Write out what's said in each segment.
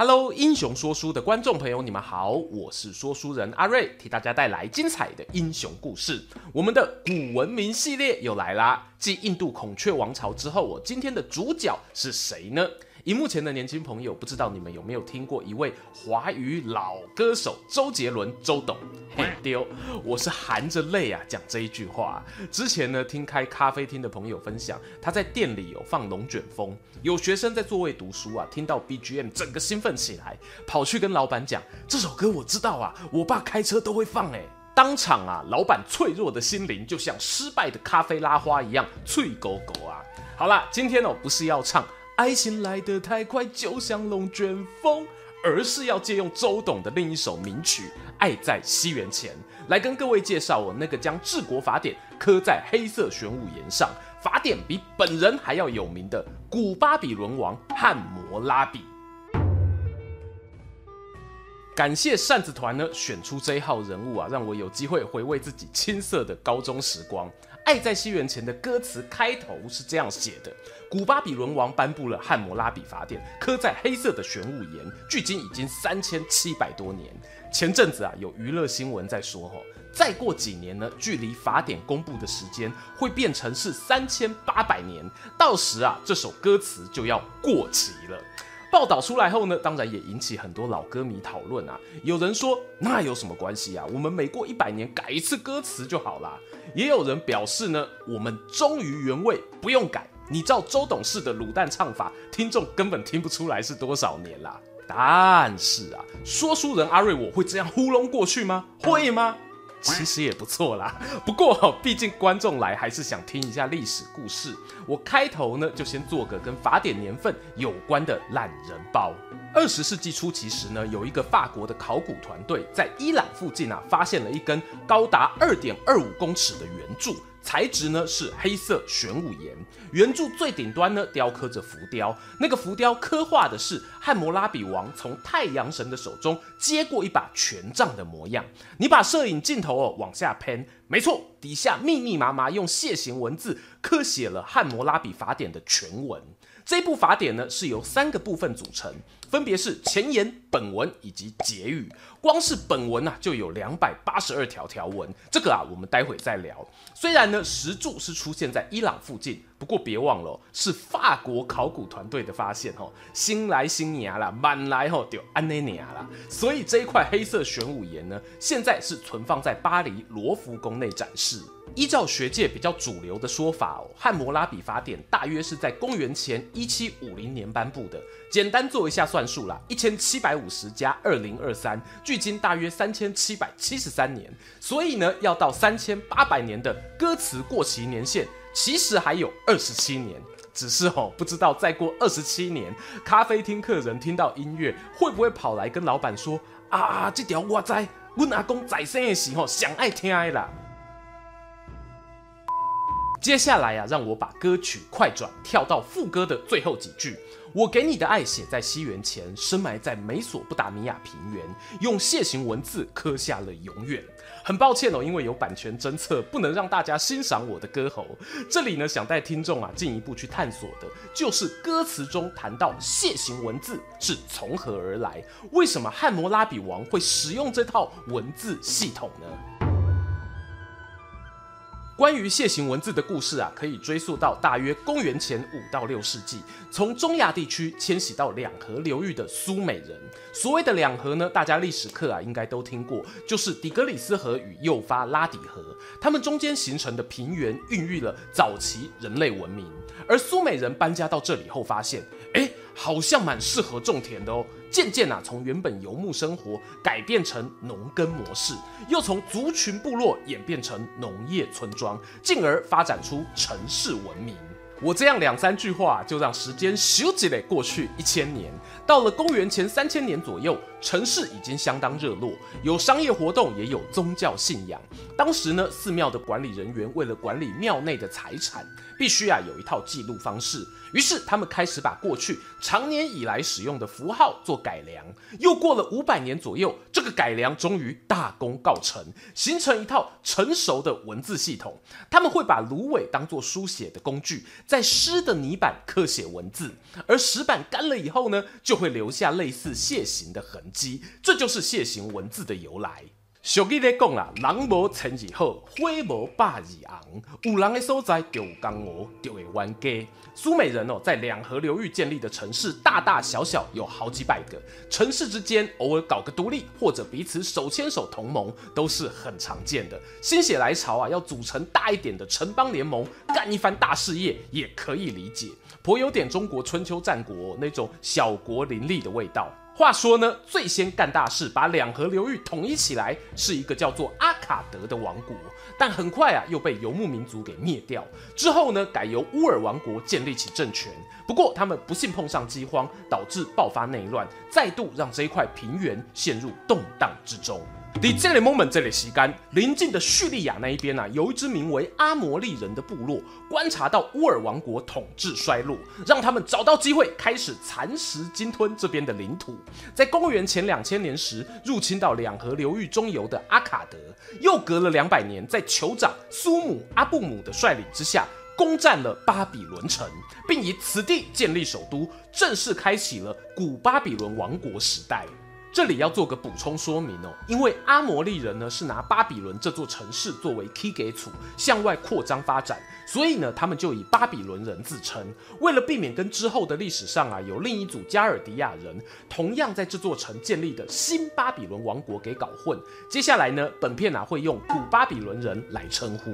Hello，英雄說書的觀眾朋友，你們好，我是說書人阿睿，替大家帶來精彩的英雄故事。我們的古文明系列又來啦！繼印度孔雀王朝之後，我今天的主角是誰呢？屏幕前的年輕朋友，不知道你們有沒有聽過一位華語老歌手周杰倫，周董。嘿，丟，我是含着淚啊講這一句話啊。之前呢，聽開咖啡廳的朋友分享，他在店裡有哦，放《龍捲風》，有學生在座位讀書啊，聽到 BGM 整個興奮起來，跑去跟老板講：“這首歌我知道啊，我爸開車都會放欸。”哎，當場啊，老板脆弱的心靈就像失敗的咖啡拉花一樣脆狗狗啊。好啦，今天哦不是要唱。愛情來得太快，就像龍捲風，而是要借用周董的另一首名曲《愛在西元前》，來跟各位介紹我那個將治國法典刻在黑色玄武岩上，法典比本人還要有名的古巴比倫王漢摩拉比。感謝扇子團呢選出這一號人物啊，讓我有機會回味自己青澀的高中時光。愛在西元前的歌詞開頭是這樣寫的：古巴比倫王頒布了漢摩拉比法典，刻在黑色的玄武岩，距今已經三千七百多年。前陣子啊，有娛樂新聞在說哦，再過幾年呢，距離法典公布的時間會變成是三千八百年，到時啊，這首歌詞就要過期了。報道出來後呢，當然也引起很多老歌迷討論啊。有人說，那有什麼關係啊？我們每過一百年改一次歌詞就好啦。也有人表示呢，我們忠於原味，不用改。你照周董式的滷蛋唱法，聽眾根本聽不出來是多少年啦。但是啊，說書人阿瑞，我會這樣糊弄過去嗎？會嗎？其實也不錯啦，不過畢竟觀眾來還是想聽一下歷史故事。我開頭呢就先做個跟法典年份有關的懶人包。二十世紀初其實呢，有一個法國的考古團隊在伊朗附近啊，發現了一根高達二點二五公尺的圓柱。材質呢是黑色玄武岩，圓柱最頂端呢雕刻着浮雕，那個浮雕刻畫的是漢摩拉比王從太陽神的手中接過一把權杖的模樣。你把攝影鏡頭哦往下偏，沒錯，底下密密麻麻用楔形文字刻寫了漢摩拉比法典的全文。這部法典呢是由三個部分組成。分別是前言、本文以及結語。光是本文吶、啊，就有兩百八十二條條文。這個啊，我們待會再聊。雖然呢，石柱是出現在伊朗附近，不過別忘了，哦，是法國考古團隊的發現哈、哦。新來新年了，滿來吼就安內尼亞了。所以這一塊黑色玄武岩呢，現在是存放在巴黎羅浮宮內展示。依照學界比較主流的說法，哦，《漢摩拉比法典》大約是在公元前一七五零年頒布的。簡單做一下算術啦，一千七百五十加二零二三，23, 距今大約三千七百七十三年。所以呢，要到三千八百年的歌詞過期年限，其實還有二十七年。只是哦，不知道再過二十七年，咖啡廳客人聽到音樂會不會跑來跟老闆說：“啊啊，這條我知，阮阿公在生的時候想愛聽的啦。”接下來呀、啊，讓我把歌曲快轉跳到副歌的最後幾句。我給你的愛寫在西元前，深埋在美索不達米亞平原，用楔形文字刻下了永遠。很抱歉哦，因為有版權偵測，不能讓大家欣賞我的歌喉。這裡呢，想帶聽眾啊進一步去探索的，就是歌詞中談到楔形文字是從何而來，為什麼漢摩拉比王會使用這套文字系統呢？關於楔形文字的故事啊，可以追溯到大約公元前五到六世紀，從中亞地區遷徙到兩河流域的蘇美人。所謂的兩河呢，大家歷史課啊應該都聽過，就是底格里斯河與幼發拉底河，它們中間形成的平原孕育了早期人類文明。而蘇美人搬家到這裡後，發現，哎、欸。好像蠻適合種田的哦，漸漸啊，從原本游牧生活改變成農耕模式，又從族群部落演變成農業村莊，進而發展出城市文明。我這樣兩三句話就讓時間咻幾了過去一千年，到了公元前三千年左右。城市已經相當熱絡，有商業活動，也有宗教信仰。當時呢，寺廟的管理人員為了管理廟內的財產，必須啊有一套記錄方式。於是他們開始把過去長年以來使用的符號做改良。又過了五百年左右，這個改良終於大功告成，形成一套成熟的文字系統。他們會把蘆葦當作書寫的工具，在濕的泥板刻寫文字，而石板乾了以後呢，就會留下類似楔形的痕。這就是楔形文字的由來。俗語在講啦，人無成以後，灰無百以昂，有人的所在，就有江湖，就有冤家。蘇美人哦，在兩河流域建立的城市，大大小小有好幾百個。城市之間偶爾搞個獨立，或者彼此手牽手同盟，都是很常見的。心血來潮啊，要組成大一點的城邦聯盟，幹一番大事業，也可以理解，頗有點中國春秋戰國，哦，那種小國林立的味道。話說呢，最先幹大事，把兩河流域統一起來，是一個叫做阿卡德的王國。但很快啊，又被游牧民族給滅掉。之後呢，改由烏爾王國建立起政權。不過他們不幸碰上饑荒，導致爆發內亂，再度讓這一塊平原陷入動蕩之中。迪 m 雷蒙們，這裡息干。鄰近的敘利亞那一邊啊，有一支名為阿摩利人的部落，觀察到烏爾王國統治衰落，讓他們找到機會，開始蠶食鯨吞這邊的領土。在公元前兩千年時，入侵到兩河流域中游的阿卡德。又隔了兩百年，在酋長蘇姆阿布姆的率領之下，攻占了巴比倫城，並以此地建立首都，正式開啟了古巴比倫王國時代。這裡要做個補充說明哦，因為阿摩利人呢，是拿巴比倫這座城市作為起家厝向外擴張發展，所以呢他們就以巴比倫人自稱。為了避免跟之後的歷史上啊有另一組加爾迪亞人同樣在這座城建立的新巴比倫王國給搞混，接下來呢本片啊會用古巴比倫人來稱呼。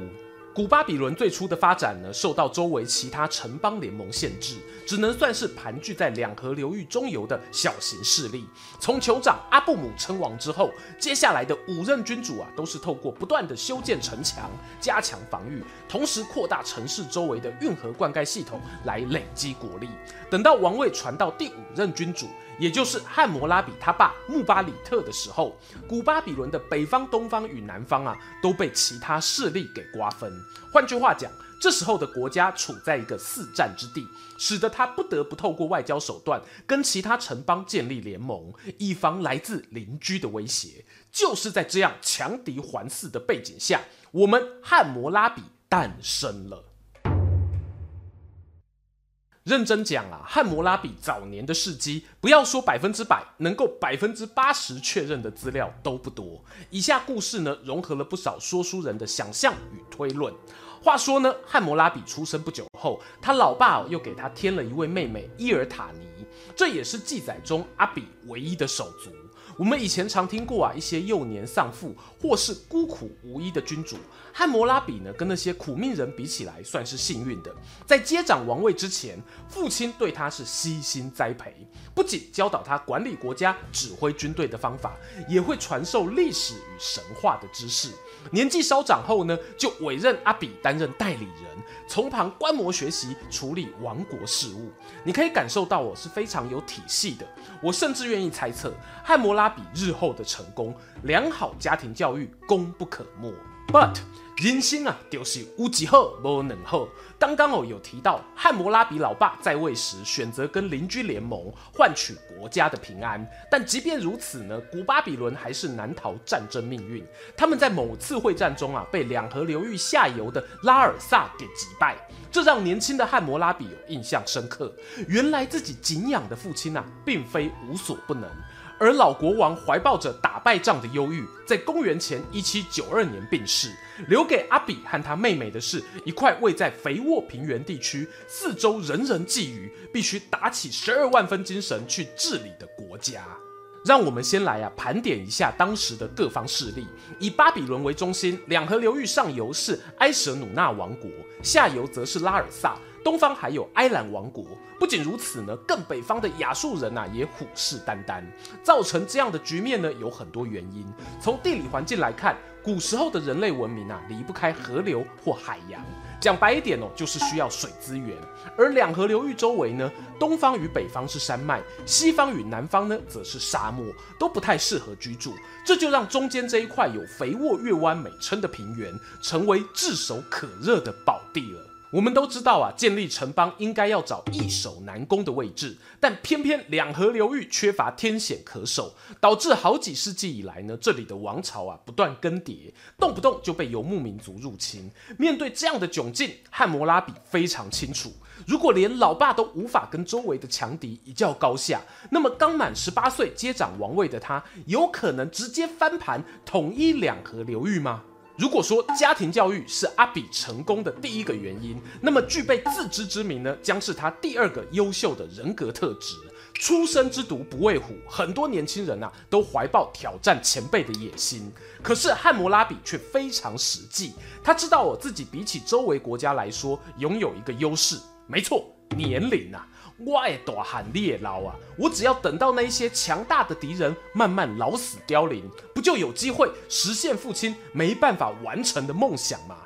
古巴比倫最初的發展呢，受到周圍其他城邦聯盟限制，只能算是盤踞在兩河流域中游的小型勢力。從酋長阿布姆稱王之後，接下來的五任君主啊，都是透過不斷的修建城牆、加強防御，同時擴大城市周圍的運河灌溉系統來累積國力。等到王位傳到第五任君主，也就是漢摩拉比他爸穆巴裡特的時候，古巴比倫的北方、東方與南方啊，都被其他勢力給瓜分。換句話講，這時候的國家處在一個四戰之地，使得他不得不透過外交手段跟其他城邦建立聯盟，以防來自鄰居的威脅。就是在這樣強敵環伺的背景下，我們漢摩拉比誕生了。認真講啊，漢摩拉比早年的事蹟，不要說百分之百，能夠百分之八十確認的資料都不多。以下故事呢，融合了不少說書人的想象與推論。話說呢，漢摩拉比出生不久後，他老爸又給他添了一位妹妹伊爾塔尼，這也是記載中阿比唯一的手足。我們以前常聽過啊，一些幼年喪父或是孤苦無依的君主，漢摩拉比呢，跟那些苦命人比起來，算是幸運的。在接掌王位之前，父親對他是悉心栽培，不僅教導他管理國家、指揮軍隊的方法，也會傳授歷史與神話的知識。年紀稍長後呢，就委任阿比擔任代理人，從旁觀摩學習處理王國事務。你可以感受到我是非常有體系的。我甚至願意猜測，漢摩拉比日後的成功，良好家庭教育功不可沒。But 人心啊，就是無極好無能好。剛剛哦，有提到漢摩拉比老爸在位時選擇跟鄰居聯盟，換取國家的平安。但即便如此呢，古巴比倫還是難逃戰爭命運。他們在某次會戰中啊，被兩河流域下游的拉爾薩給擊敗，這讓年輕的漢摩拉比有印象深刻。原來自己敬仰的父親啊，並非無所不能。而老國王懷抱着打敗仗的憂鬱，在公元前一七九二年病逝，留給阿比和他妹妹的是，一塊位在肥沃平原地區，四周人人覬覦，必須打起十二萬分精神去治理的國家。讓我們先來呀、啊、盤點一下當時的各方勢力，以巴比倫為中心，兩河流域上游是埃舍努納王國，下游則是拉爾薩。東方還有埃蘭王國。不僅如此呢，更北方的亞述人啊也虎視眈眈。造成這樣的局面呢，有很多原因。從地理環境來看，古時候的人類文明啊離不開河流或海洋。講白一點哦，就是需要水資源。而兩河流域周圍呢，東方與北方是山脈，西方與南方呢則是沙漠，都不太適合居住。這就讓中間這一塊有肥沃月彎美稱的平原，成為炙手可熱的寶地了。我們都知道啊，建立城邦應該要找易守難攻的位置，但偏偏兩河流域缺乏天險可守，導致好幾世紀以來呢，這裡的王朝啊不斷更迭，動不動就被游牧民族入侵。面對這樣的窘境，漢摩拉比非常清楚，如果連老爸都無法跟周圍的強敵一較高下，那麼剛滿十八歲接掌王位的他，有可能直接翻盤，統一兩河流域嗎？如果說家庭教育是阿比成功的第一個原因，那麼具備自知之明呢，將是他第二個優秀的人格特質。初生之犢不畏虎，很多年輕人啊都懷抱挑戰前輩的野心，可是漢摩拉比卻非常實際。他知道我自己比起周圍國家來說擁有一個優勢，沒錯，年齡啊。我也多喊烈老啊！我只要等到那一些強大的敵人慢慢老死凋零，不就有機會實現父親沒辦法完成的夢想嗎？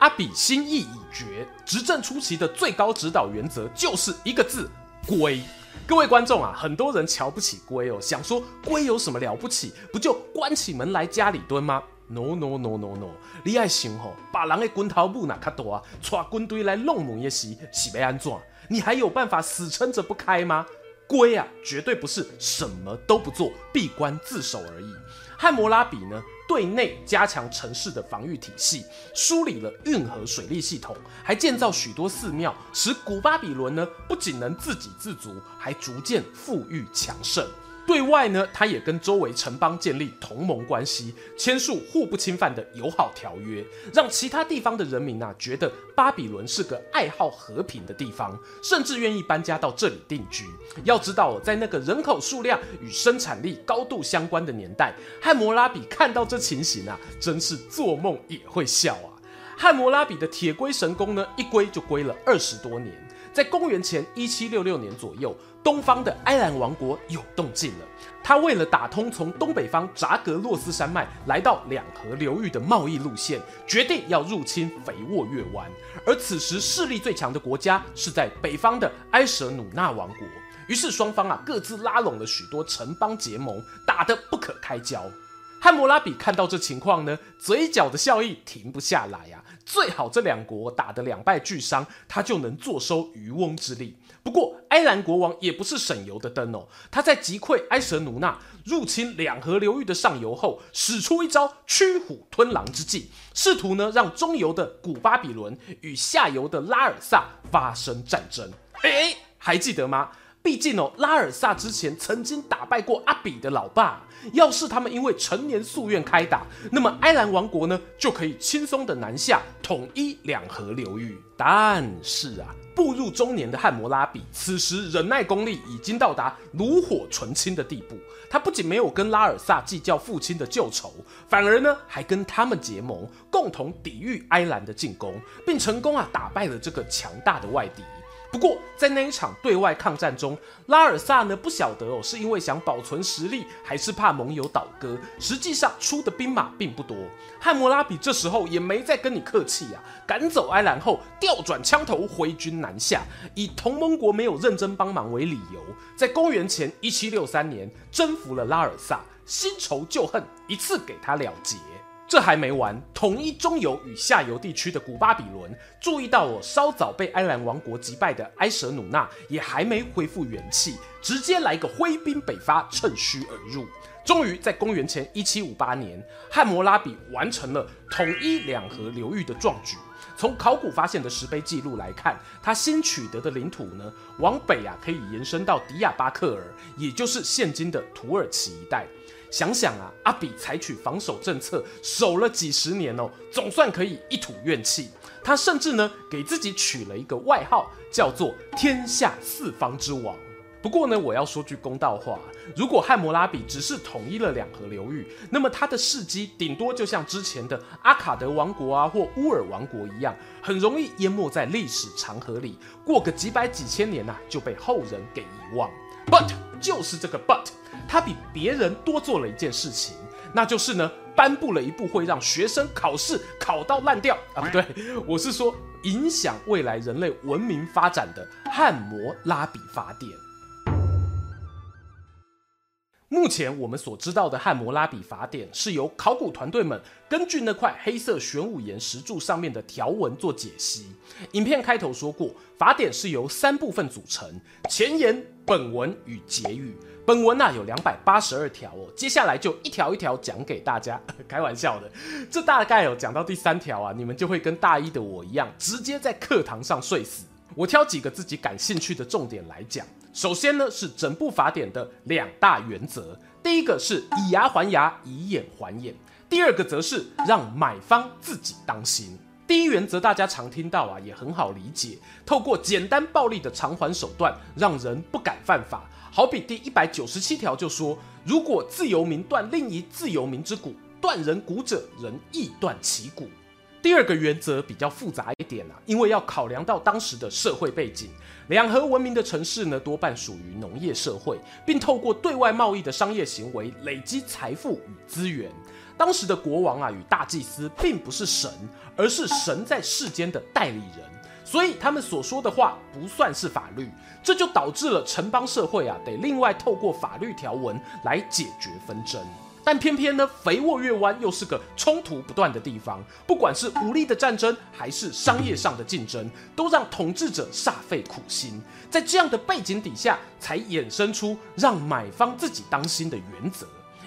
阿、啊、比心意已決，執政初期的最高指導原則就是一個字：龜。各位觀眾啊，很多人瞧不起龜哦，想說龜有什麼了不起？不就關起門來家裡蹲嗎？No no no no no！你愛想吼、哦，別人的拳頭木哪卡大啊？帶軍隊來弄門的時是要安怎？你還有辦法死撐着不開嗎？龜啊，絕對不是什麼都不做，閉關自守而已。漢摩拉比呢，對內加強城市的防御體系，梳理了運河水利系統，還建造許多寺廟，使古巴比倫呢不僅能自給自足，還逐漸富裕強盛。對外呢，他也跟周圍城邦建立同盟關係，簽署互不侵犯的友好條約，讓其他地方的人民啊覺得巴比倫是個愛好和平的地方，甚至願意搬家到這裡定居。要知道哦，在那個人口數量與生產力高度相關的年代，漢摩拉比看到這情形啊，真是做夢也會笑啊！漢摩拉比的鐵龜神功呢，一龜就龜了二十多年。在公元前一七六六年左右，東方的埃蘭王國有動靜了。他為了打通從東北方扎格洛斯山脈來到兩河流域的貿易路線，決定要入侵肥沃月灣。而此時勢力最強的國家是在北方的埃舍努納王國。於是雙方啊各自拉攏了許多城邦結盟，打得不可開交。漢摩拉比看到這情況呢，嘴角的笑意停不下來呀、啊。最好這兩國打得兩敗俱傷，他就能坐收漁翁之利。不過埃蘭國王也不是省油的燈哦，他在擊潰埃舍努納入侵兩河流域的上游後，使出一招驅虎吞狼之計，試圖呢讓中游的古巴比倫與下游的拉爾薩發生戰爭。嘿，還記得嗎？畢竟哦，拉爾薩之前曾經打敗過阿比的老爸。要是他們因為陳年宿怨開打，那麼埃蘭王國呢就可以輕鬆的南下統一兩河流域。但是啊，步入中年的漢摩拉比，此時忍耐功力已經到達爐火純青的地步。他不僅沒有跟拉爾薩計較父親的舊仇，反而呢還跟他們結盟，共同抵禦埃蘭的進攻，並成功啊打敗了這個強大的外敵。不過，在那一場對外抗戰中，拉爾薩呢不曉得哦，是因為想保存實力，還是怕盟友倒戈？實際上出的兵馬並不多。漢摩拉比這時候也沒再跟你客氣啊，趕走埃蘭後，調轉槍頭，揮軍南下，以同盟國沒有認真幫忙為理由，在公元前一七六三年征服了拉爾薩，新仇舊恨一次給他了結。這還沒完，統一中游與下游地區的古巴比倫注意到，我稍早被埃蘭王國擊敗的埃舍努納也還沒恢復元氣，直接來個揮兵北伐，趁虛而入。終於在公元前一七五八年，漢摩拉比完成了統一兩河流域的壯舉。從考古發現的石碑記錄來看，他新取得的領土呢，往北啊可以延伸到迪亞巴克爾，也就是現今的土耳其一帶。想想啊，阿比採取防守政策，守了幾十年哦，總算可以一吐怨氣。他甚至呢，給自己取了一個外號，叫做“天下四方之王”。不過呢，我要說句公道話啊，如果漢摩拉比只是統一了兩河流域，那麼他的事迹頂多就像之前的阿卡德王國啊或烏爾王國一樣，很容易淹沒在歷史長河裡，過個幾百幾千年吶啊，就被後人給遺忘。But 就是這個 But。他比別人多做了一件事情，那就是呢，頒布了一部會讓學生考試考到爛掉啊，不、嗯、對，我是說影響未來人類文明發展的漢摩拉比法典。目前我們所知道的漢摩拉比法典是由考古團隊們根據那塊黑色玄武岩石柱上面的條文做解析。影片開頭說過，法典是由三部分組成：前言、本文與結語。本文吶、啊、有兩百八十二條哦，接下來就一條一條講給大家呵呵。開玩笑的，這大概有、哦、講到第三條啊，你們就會跟大一的我一樣，直接在課堂上睡死。我挑幾個自己感興趣的重點來講。首先呢是整部法典的兩大原則，第一個是以牙還牙，以眼還眼；第二個則是讓買方自己當心。第一原則大家常聽到啊，也很好理解，透過簡單暴力的償還手段，讓人不敢犯法。好比第一百九十七條就說，如果自由民斷另一自由民之骨，斷人骨者，人亦斷其骨。第二個原則比較複雜一點啊，因為要考量到當時的社會背景。兩河文明的城市呢，多半屬於農業社會，並透過對外貿易的商業行為累積財富與資源。當時的國王啊，與大祭司並不是神，而是神在世間的代理人。所以他們所說的話不算是法律，這就導致了城邦社會啊得另外透過法律條文來解決紛爭。但偏偏呢，肥沃月彎又是個衝突不斷的地方，不管是武力的戰爭還是商業上的競爭，都讓統治者煞費苦心。在這樣的背景底下，才衍生出讓買方自己當心的原則。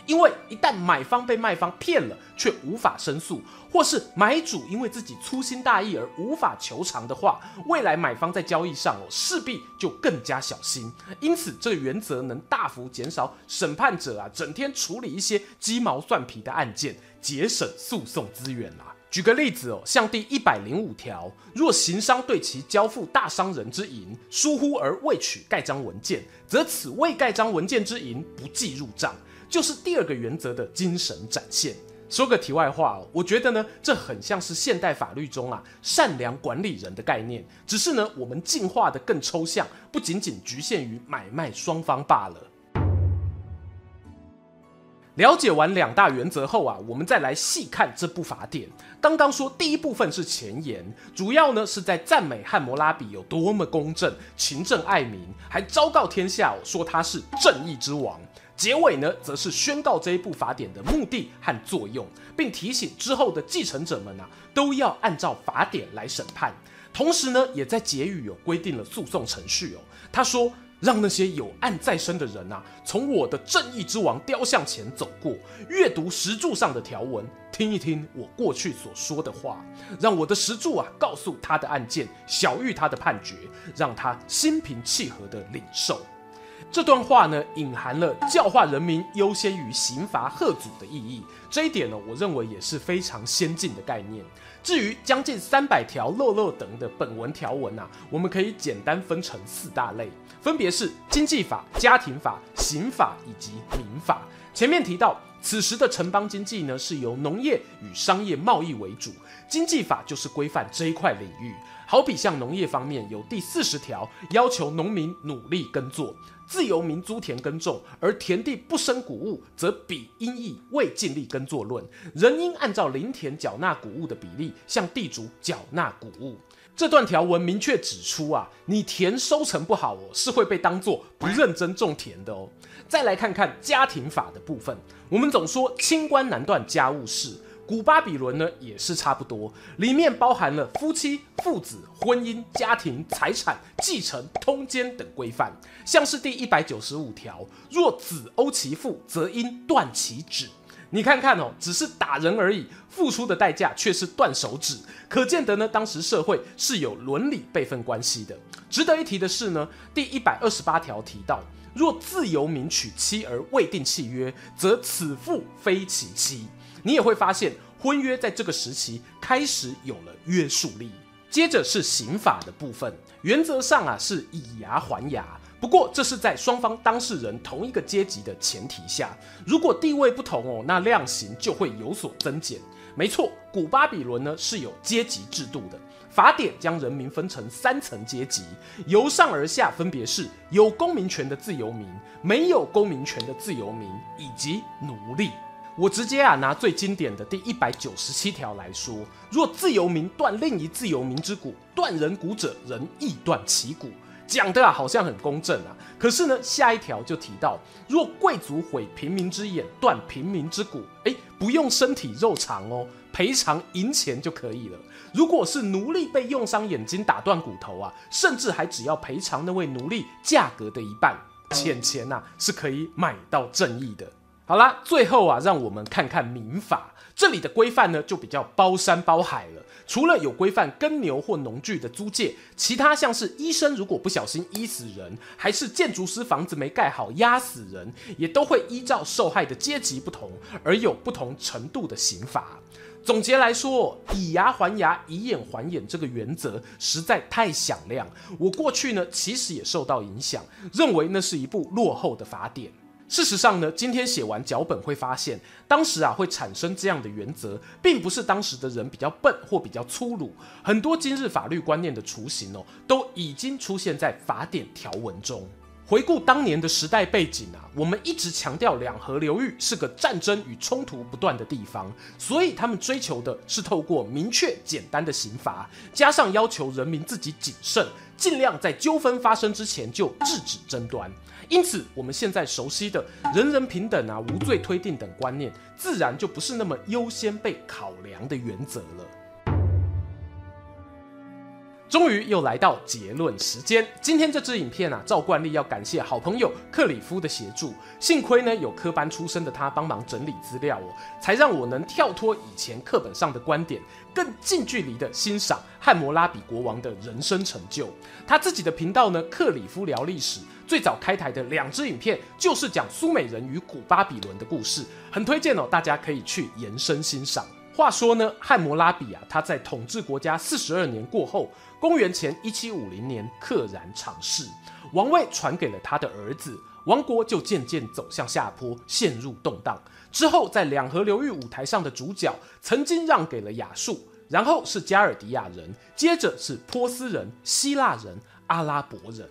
因為一旦買方被賣方騙了，卻無法申訴，或是買主因為自己粗心大意而無法求償的話，未來買方在交易上哦勢必就更加小心。因此，這個原則能大幅減少審判者啊整天處理一些雞毛蒜皮的案件，節省訴訟資源啊。舉個例子哦，像第一百零五條，若行商對其交付大商人之銀疏忽而未取蓋章文件，則此未蓋章文件之銀不計入賬。就是第二個原則的精神展現。說個題外話，我覺得呢，這很像是現代法律中啊善良管理人的概念，只是呢我們進化的更抽象，不僅僅局限於買賣雙方罷了。了解完兩大原則後啊，我們再來細看這部法典。剛剛說第一部分是前言，主要呢是在讚美漢摩拉比有多麼公正、勤政愛民，還昭告天下、哦、說他是正義之王。結尾呢，則是宣告這一部法典的目的和作用，並提醒之後的繼承者們啊，都要按照法典來審判。同時呢，也在結語有、哦、規定了訴訟程序哦。他說：“讓那些有案在身的人啊，從我的正義之王雕像前走過，閱讀石柱上的條文，聽一聽我過去所說的話，讓我的石柱啊，告訴他的案件，曉諭他的判決，讓他心平氣和地領受。”這段話呢，隱含了教化人民優先於刑罰嚇阻的意義。這一點呢，我認為也是非常先進的概念。至於將近三百條落落等的本文條文啊，我們可以簡單分成四大類，分別是經濟法、家庭法、刑法以及民法。前面提到，此時的城邦經濟呢，是由農業與商業貿易為主，經濟法就是規範這一塊領域。好比像農業方面，有第四十條，要求農民努力耕作，自由民租田耕種，而田地不生穀物，則比因義未盡力耕作論，仍應按照鄰田繳納穀物的比例向地主繳納穀物。這段條文明確指出啊，你田收成不好哦，是會被當作不認真種田的哦。再來看看家庭法的部分，我們總說清官難斷家務事。古巴比倫呢也是差不多，裡面包含了夫妻、父子、婚姻、家庭、財產、繼承、通姦等規範。像是第一百九十五條，「若子毆其父，則應斷其指」。你看看哦，只是打人而已，付出的代價卻是斷手指，可見得呢，當時社會是有倫理輩分關係的。值得一提的是呢，第一百二十八條提到，若自由民娶妻而未定契約，則此婦非其妻。你也會發現，婚約在這個時期開始有了約束力。接着是刑法的部分，原則上啊是以牙還牙，不過這是在雙方當事人同一個階級的前提下。如果地位不同哦，那量刑就會有所增減。沒錯，古巴比倫呢是有階級制度的，法典將人民分成三層階級，由上而下分別是有公民權的自由民、沒有公民權的自由民以及奴隸。我直接啊拿最經典的第一百九十七條來說：若自由民斷另一自由民之骨，斷人骨者人亦斷其骨。講的啊好像很公正啊，可是呢下一條就提到，若貴族毀平民之眼，斷平民之骨，誒，不用身體肉償哦，賠償銀錢就可以了。如果是奴隸被用傷眼睛打斷骨頭啊，甚至還只要賠償那位奴隸價格的一半。錢錢、啊、吶是可以買到正義的。好啦，最後啊，讓我們看看民法。這裡的規範呢，就比較包山包海了。除了有規範耕牛或農具的租借，其他像是醫生如果不小心醫死人，還是建築師房子沒蓋好壓死人，也都會依照受害的階級不同而有不同程度的刑罰。總結來說，以牙還牙，以眼還眼這個原則實在太響亮。我過去呢，其實也受到影響，認為那是一部落後的法典。事實上呢，今天寫完腳本會發現，當時啊，會產生這樣的原則，並不是當時的人比較笨或比較粗魯，很多今日法律觀念的雛形哦，都已經出現在法典條文中。回顧當年的時代背景啊，我們一直強調兩河流域是個戰爭與衝突不斷的地方，所以他們追求的是透過明確簡單的刑罰，加上要求人民自己謹慎，盡量在糾紛發生之前就制止爭端。因此，我們現在熟悉的人人平等啊、無罪推定等觀念，自然就不是那麼優先被考量的原則了。終於又來到結論時間。今天這支影片啊，照慣例要感謝好朋友克里夫的協助。幸虧呢，有科班出身的他幫忙整理資料哦，才讓我能跳脫以前課本上的觀點，更近距離的欣賞漢摩拉比國王的人生成就。他自己的頻道呢，克里夫聊歷史，最早開台的兩支影片就是講蘇美人與古巴比倫的故事，很推薦哦，大家可以去延伸欣賞。話說呢，漢摩拉比啊，他在統治國家四十二年過後，公元前一七五零年，溘然長逝，王位傳給了他的兒子，王國就漸漸走向下坡，陷入動盪。之後，在兩河流域舞台上的主角，曾經讓給了亞述，然後是加爾迪亞人，接着是波斯人、希臘人、阿拉伯人。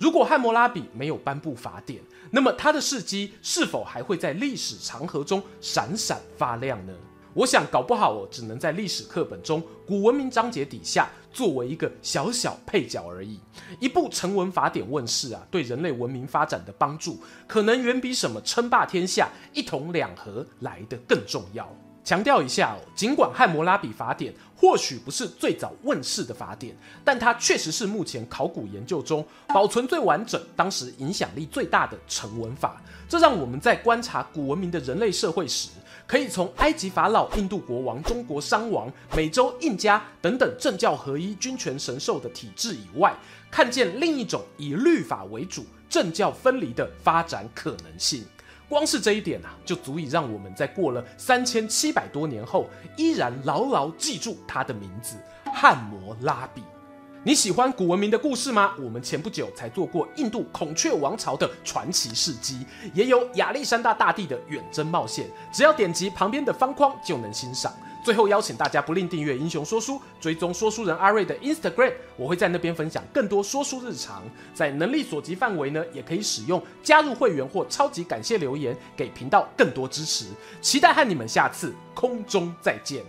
如果漢摩拉比沒有頒布法典，那麼他的事蹟是否還會在歷史長河中閃閃發亮呢？我想，搞不好我只能在歷史課本中古文明章節底下。作為一個小小配角而已，一部成文法典問世啊，對人類文明發展的幫助，可能遠比什麼稱霸天下、一統兩河來得更重要。強調一下哦，儘管漢摩拉比法典或許不是最早問世的法典，但它確實是目前考古研究中保存最完整、當時影響力最大的成文法。這讓我們在觀察古文明的人類社會時，可以從埃及法老、印度國王、中國商王、美洲印加等等政教合一、君權神授的體制以外，看見另一種以律法為主、政教分離的發展可能性。光是這一點呢、啊，就足以讓我們在過了三千七百多年後，依然牢牢記住他的名字——漢摩拉比。你喜歡古文明的故事嗎？我們前不久才做過印度孔雀王朝的傳奇事蹟，也有亞歷山大大帝的遠征冒險。只要點擊旁邊的方框就能欣賞。最後邀請大家不吝訂閱《英雄說書》，追蹤說書人阿睿的 Instagram，我會在那邊分享更多說書日常。在能力所及範圍呢，也可以使用加入會員或超級感謝留言，給頻道更多支持。期待和你們下次空中再見。